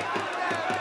Yeah.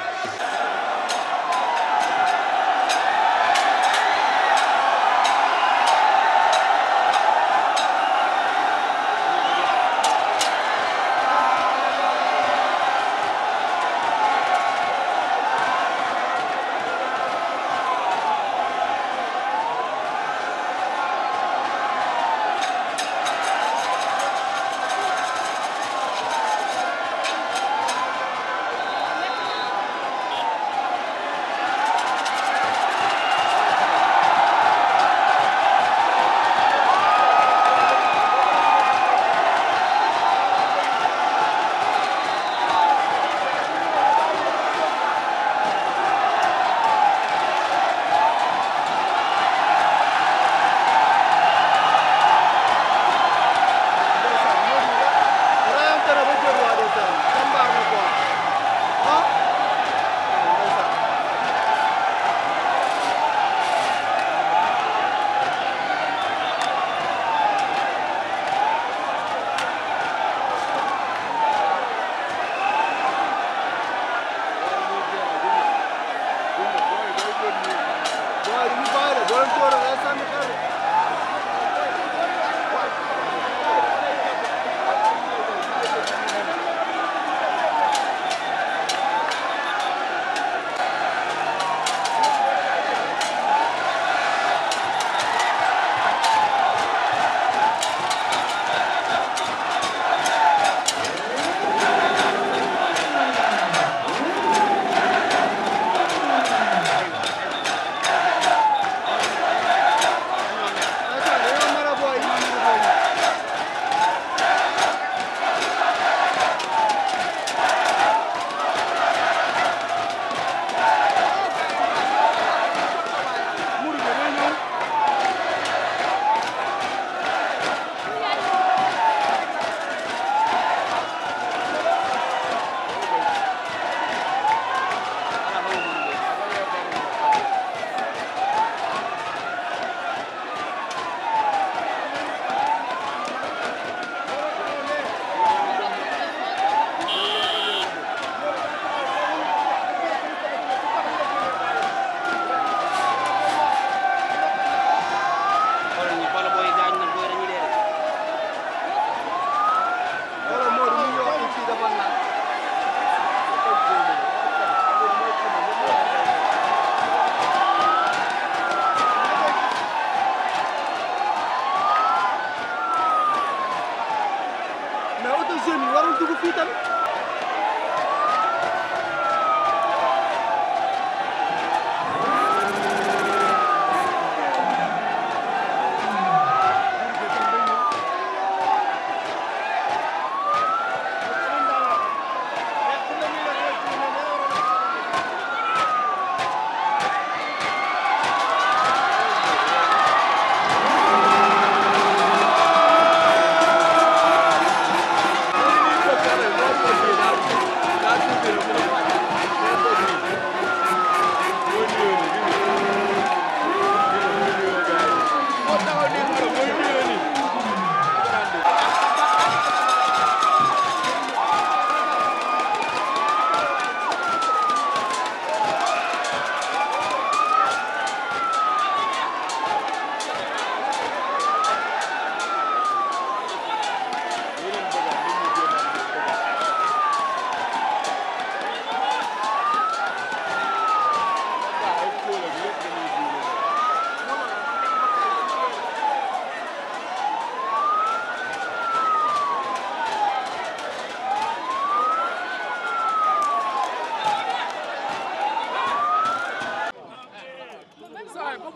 mais auto jeunes yi warul dugg fii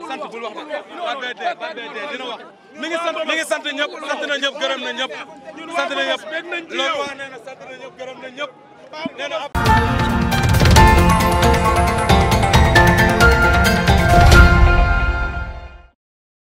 sant bul wax ma Pape Beye tey dina wax mi ngi sant mi ngi na ñëpp gërëm na ñëpp sant na ñëpp loolu wax nee na na ñëpp gërëm na ñëpp